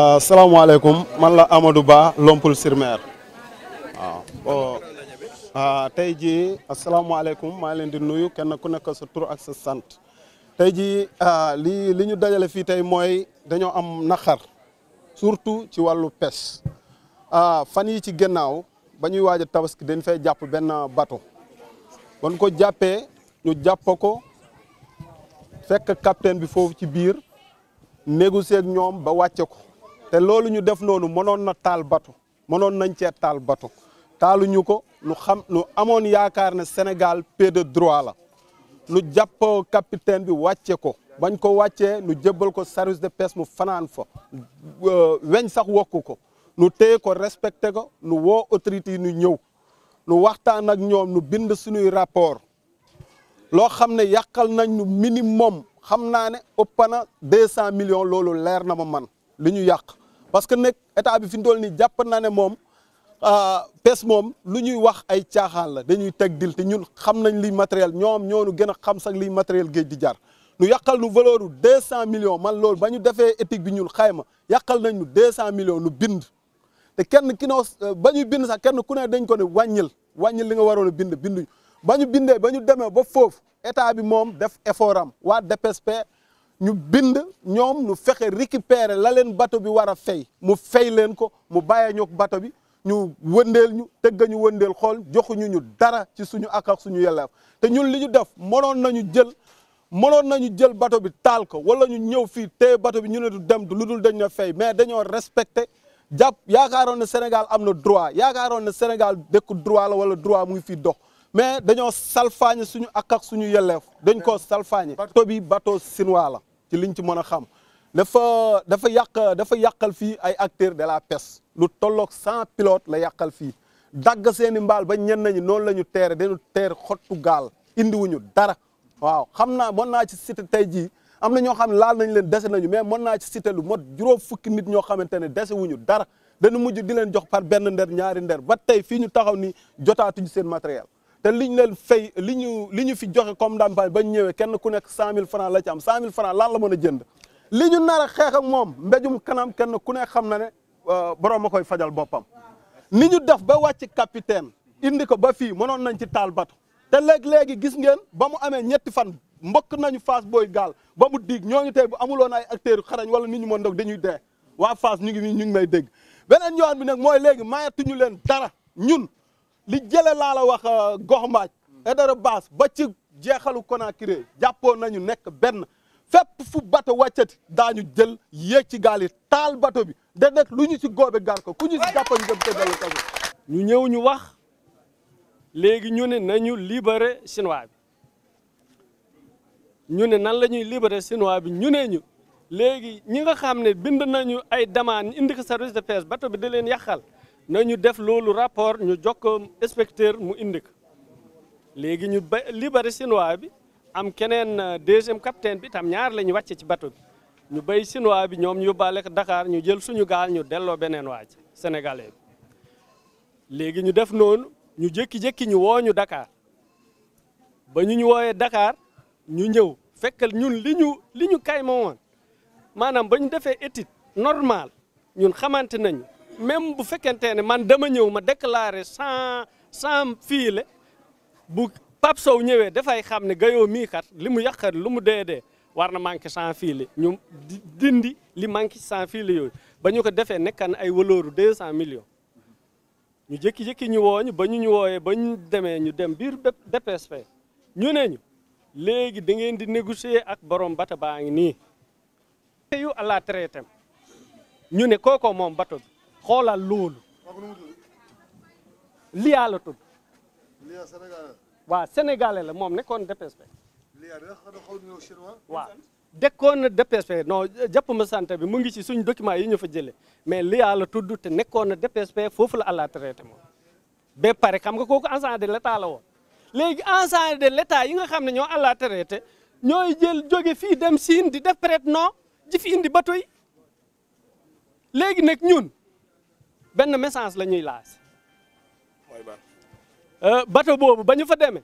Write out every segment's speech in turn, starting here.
Euh, salaamaaleykum man la amadu Ba Lompul sur Mer waaw euh, tey jii asalaamaaleykum maa leen di nuyu kenn ku nekk sa tur ak sa sant tey jii euh, li li ñu dajale fii tey mooy dañoo am naxar surtout ci wàllu pêche fan yi ci gannaaw ba ñuy waaj a tabaski dañ fay jàpp benn bateau ban ko jàppee ñu jàpp ko fekk capitaine bi foofu ci biir négocier ak ñoom ba wàcce ko te loolu ñu def noonu mënoon na taal bato mënoon nañ cee taal bato taaluñu ko nu xam nu amoon yaakaar ne Sénégal pays de droit la nu jàpp capitaine bi wàcce ko bañ ko wàccee nu jébbal ko service de pêche mu fanaan fa euh, weñ sax wokku ko nu téye ko respecté ko nu woo autorités yi nu ñëw nu waxtaan ak ñoom nu bind suñuy rapport loo xam ne yàqal nañ nu minimum xam naa ne ëpp na cent millions loolu leer na ma man lu ñu yàq parce que nag état bi fi mu toll nii jàpp ne moom ah, pes moom lu ñuy wax ay caaxaan la dañuy teg dil te ñun xam nañ liy matériel ñoom ñoo nu gën a xam sax liy matériel géej di jar. nu yàqal nu valeur bu 200 millions man loolu ba ñu defee éthique bi ñun xayma yàqal nañ nu 200 millions nu bind. te kenn ki ba ñu bind sax kenn ku ne dañ ko ne wàññil wàññil li nga waroon a bind binduñ ba ñu bindee ba ñu demee ba foofu état bi moom def effort waa DPSP. ñu bind ñoom ñu fexe récupérer la leen bato bi war a fay mu fay leen ko mu bàyyee ñoog bato bi ñu wëndeel ñu tëgg ñu wëndeel xool joxuñu ñu dara ci suñu ak suñu yelleef te ñun li ñu def mënoon nañu jël mënoon nañu jël bato bi taal ko wala ñu ñëw fii téye bato bi ñu ne du dem lu dul dañ na fay mais dañoo respecté jàpp yaakaaroon ne Sénégal am na droit yaakaaroon ne Sénégal dëkku droit la wala droit mu ngi fii dox mais dañoo salfaañe suñu ak suñu yelleef dañ koo salfaañe bato bi bato chinois la ci liñ ci mën a xam dafa dafa yàq dafa yàqal fii ay acteur de la pes lu tolloog cent pilotes la yàqal fii dagg seen i mbaal ba ñenn ñi noonu la ñu teere dañu teer xottu gaal indiwuñu dara waaw xam naa mën naa ci cité tey jii am na ñoo xam ne laal nañ leen dese nañu mais mën naa ci cité lu mot fukki nit ñoo xamante ne dese wuñu dara danu mujj di leen jox par benn nder ñaari nder ba tey fii ñu taxaw ni jotaatuñu seen matériel te liñ leen fay li ñu li ñu fi joxe comme ndàmpaay bañ ñëwee kenn ku nekk cent mille francs la ci am cent mille francs lan la mën a jënd li ñu nar a xeex ak moom mbéjum kanam kenn ku nekk xam na ne euh, borom a koy fajal boppam ni ñu def ba wàcc capitaine indi ko ba fii mënoon nañ ci taal bato te léeg-léegi gis ngeen ba mu amee ñetti fan mbokk nañu Fass booy gaal ba mu diig ñooñu tey bu amuloon ay acteurs xarañ wala nit ñu mën dog dañu dee waa Fass ñu ngi ñu ngi may dégg beneen yoon bi nag mooy léegi mayatuñu leen dara ñun li jële laa la wax euh, gox mbaaj baas Bass ba ci jeexalu Conakry jàppoon nañu nekk benn fépp fu bato wàccati daañu jël yéeg ci gaal taal bato bi de lu ñu ci góobe gar ko ku ñu si jàppa ñu dem tëddal ñu ñëw ñu wax léegi ñu ne nañu libéré chinois bi ñu ne nan la ñuy libéré chinois bi ñu ne ñu léegi ñi nga xam ne bind nañu ay demande indi ko service de pêche bato bi da leen yàqal na ñu def loolu rapport ñu jokkoo inspecteur mu indik léegi ñu ba libéré chinois bi am keneen euh, deuxième capitaine bi tam ñaar la ñu wàcce ci bato bi ñu bay chinois bi ñoom ñu yóbbaale ko Dakar ñu jël suñu gaal ñu delloo beneen waaj sénégalais bi léegi ñu def noonu ñu jékki-jékki ñu woo ñu Dakar ba ñu ñu woowee dakaar ñu ñëw fekkal ñun li ñu li ñu kay woon maanaam ba ñu defee étit normal ñun xamante nañu. même bu fekkentee ne man dama ñëw ma déclaré sans sans fiile bu Pape Sow ñëwee dafay xam ne gayoo mii kat li mu yàqar lu mu dee dee war na manqué sans fiile ñu dindi li manqué sans fiile yooyu ba ñu ko defee nekkaan ay walooru deux cent millions ñu jékki-jékki ñu wooñu ba ñu ñu wooyee ba ñu demee ñu dem biir BPSP ñu ne ñu léegi da ngeen di négocier ak borom bata baa ngi nii yu à la traité ñu ne kookoo moom bato bi xoolal loolu lia la tudd waaw sénégalais la moom nekkoon DPSP waa dekkoon na DPSP non jàpp ma santé bi mu ngi ci suñu document yi ñu fa jëlee mais lia la tudd te nekkoon na DPSP foofu la àlla traité moom ba pare xam nga kooku agent de l'état la woon léegi agent de l'état yi nga xam ne ñoo àlla traité ñooy jël jóge fii dem siin di def prête non ji fi indi bato yi léegi nag ñun benn message la ñuy laas euh, bato boobu ba ñu fa demee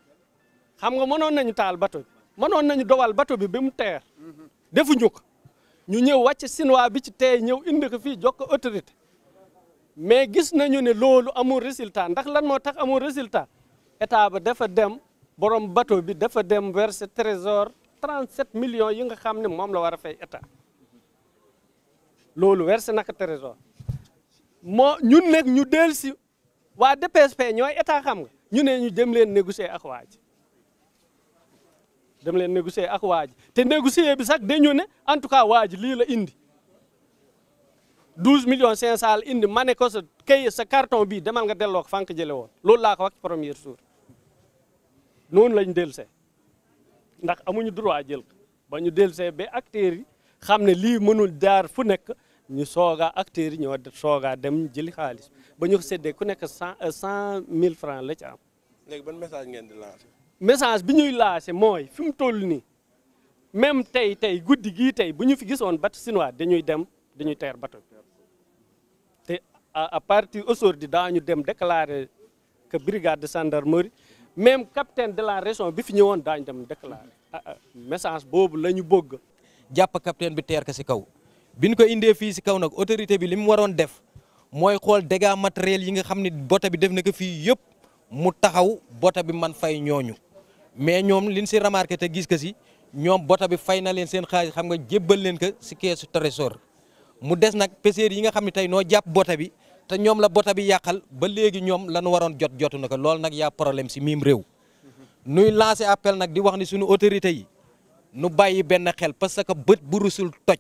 xam nga mënoon nañu taal bato bi mënoon nañu dowal bato bi bi mu teer mm-hmm. defuñu ko ñu ñëw wàcc chinois bi ci tey ñëw indi ko fii jokk autorité mais gis nañu ne loolu amul résultat ndax lan moo tax amul résultat état ba dafa dem borom bato bi dafa dem verser trésor 37 millions yi nga xam ne moom la war a fay état loolu verser naka trésor moo ñun nag ñu del si waa DPSP ñooy état xam nga ñu ne ñu dem leen négocier ak waa ji dem leen négocier ak waa ji te négocier bi sax dañu ne en tout cas waa ji lii la indi 12 millions 500 la indi ma ne ko sa kay sa carton bii demal nga delloo ko fànk jële woon loolu laa ko wax ci premier jour noonu lañ dellusee ndax amuñu droit jël ba ñu dellusee ba acteurs yi xam ne lii mënul jaar fu nekk ñu soogaa acteurs yi ñoo soogaa dem jëli xaalis ba ñu ko séddee ku nekk cent euh, cent mille francs la ci am. léegi ban message ngeen di lancer. message bi ñuy lancer mooy fi mu toll nii même tey tey guddi gii tey bu ñu fi gisoon bateau chinois dañuy dem dañuy teer bateau te à partir aujourd'hui daañu dem déclarer que brigade de gendarmerie même capitaine de la région bi fi ñëwoon daañu dem déclarer ah, ah, message boobu la ñu bëgg. jàpp capitaine bi teer ko si kaw. bi ñu ko indee fii si kaw nag autorité bi li mu waroon def mooy xool dégâts matériels yi nga xam ni bota bi def na ko fii yëpp mu taxaw bota bi man fay ñooñu mais ñoom liñ si remarqué te gis ko si ñoom bota bi fay na leen seen xaalis xam nga jébbal leen ko si keesu trésor mu des nag pêcheurs yi nga xam ne tey noo jàpp bota bi te ñoom la bota bi yàqal ba léegi ñoom lañu waroon jot jotu na ko loolu nag yaa problème si miim réew nuy lancé appel nag di wax ni suñu autorité yi nu bàyyi benn xel parce que bët bu rusul toj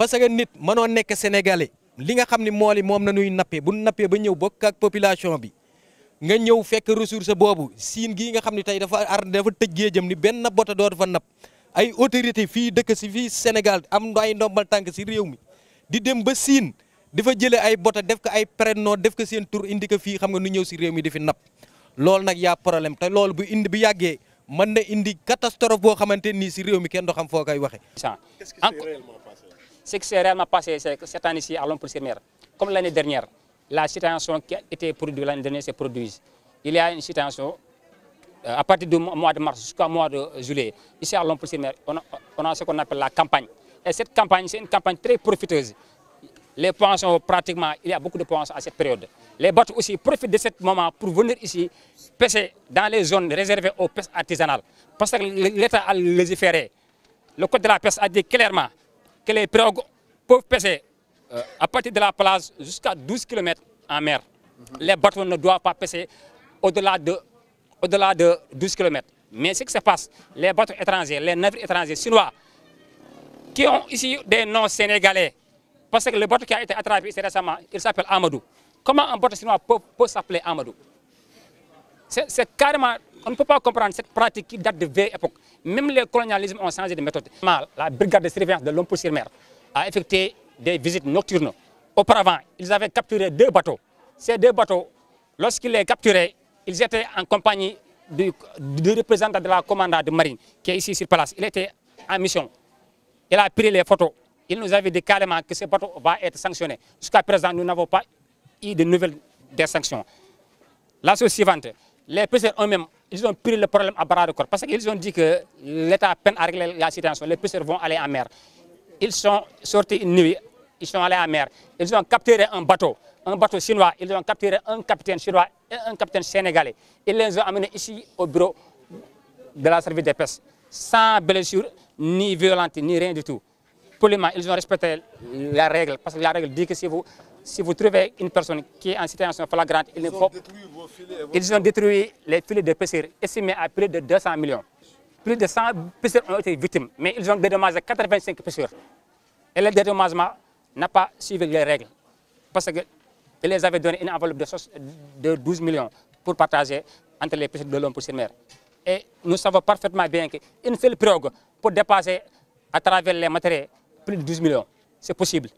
parce que nit mënoo nekk sénégalais li nga xam ni mool yi moom na ñuy nappee bu nappee ba ñëw bokk ak population bi nga ñëw fekk ressource boobu siin gii nga xam ne tey dafa ar dafa tëj géejam ni benn bota dootu fa napp ay autorité fii dëkk si fii Sénégal am ay ndombal tànk si réew mi di dem ba siin dafa jëlee ay bota def ko ay prénom def ko seen tur indi ko fii xam nga nu ñëw si réew mi di fi napp loolu nag yaa problème te loolu bu indi bu yàggee mën na indi catastrophe boo xamante nii si réew mi kenn doo xam foo waxee Ce qui s'est réellement passé cette année-ci à lompre comme l'année dernière, la situation qui a l'année dernière s'est produite. Il y a une situation euh, à partir du mois de mars jusqu'au mois de juillet. Ici à Lompre-sur-Mer, on, a ce qu'on la campagne. Et cette campagne, c'est une campagne très profiteuse. Les poissons, pratiquement, il y a beaucoup de poissons à cette période. Les bateaux aussi profitent de ce moment pour venir ici pêcher que les pirogues peuvent pêcher euh, à partir de la plage jusqu'à 12 km en mer. Mhm. Les bateaux ne doivent pas pêcher au-delà de, au-delà de 12 km. Mais ce qui se passe, les bateaux étrangers, les navires étrangers chinois, qui ont ici des noms sénégalais, parce que le bateau qui a été attrapé ici récemment, il s'appelle Amadou. Comment un bateau chinois peut, s'appeler Amadou C'est carrément On ne peut pas comprendre cette pratique qui date de vieille époque. Même les colonialismes ont changé de méthode. La brigade de surveillance de lompoul sur mer a effectué des visites nocturnes. Auparavant, ils avaient capturé deux bateaux. Ces deux bateaux, lorsqu'ils étaient en compagnie du, du représentant de la commandante de marine qui est ici sur place. Il mission. Il a pris les photos. Il nous avait dit carrément que ce bateau va être sanctionné. Jusqu'à présent, nous n'avons pas eu de nouvelles des sanctions. ils ont pris le problème à bras de corps parce qu'ils ont dit que l'État peine à régler la situation, les pêcheurs vont aller en mer. Ils sont sortis une ils sont allés en mer, ils ont capturé un bateau, un bateau chinois, ils ont capturé un capitaine chinois un capitaine sénégalais. Ils les ont ici au bureau de la service des pêches, sans blessure, ni violente, ni rien du tout. Poliment, ils ont respecté la règle, parce que la règle dit que si vous si vous trouvez une personne qui en situation flagrante, ne faut Ils ont détruit les filets de pêcheurs estimés à plus de 200 millions. Plus de 100 pêcheurs ont été victimes, mais ils ont dédommagé 85 suivi les règles. Parce qu'ils les avaient donné une enveloppe de 12 millions pour partager entre les pêcheurs de l'homme pour mer. Et nous savons parfaitement bien qu'une seule pirogue pour dépasser à travers les matériaux plus de 12 millions, c'est possible.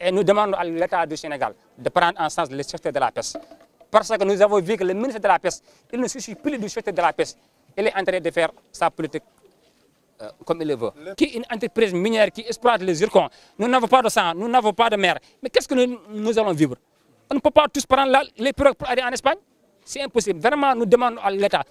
Et nous demandons à l'État du Sénégal de prendre en charge le secteur de la pêche. Parce que nous avons vu le ministre de la Pêche, il ne suffit plus du secteur de la pêche. Il est en sa politique euh, Qui est une entreprise minière qui exploite les zircons. Nous n'avons pas de sang, nous n'avons pas de mer. Mais qu'est-ce que nous, allons vivre On ne tous prendre les pirogues pour aller en Espagne C'est impossible. Vraiment, nous demandons à l'État.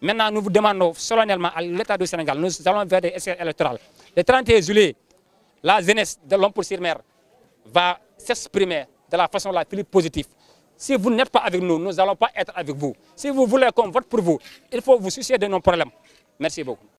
Maintenant, nous vous demandons solennellement à l'État du Sénégal, nous allons vers des élections Le juillet, la jeunesse de l'homme pour mer va s'exprimer de la façon la plus positive. Si vous n'êtes pas avec nous, nous n'allons pas être avec vous. Si vous voulez qu'on vote pour vous, il faut vous soucier de nos problèmes. Merci beaucoup.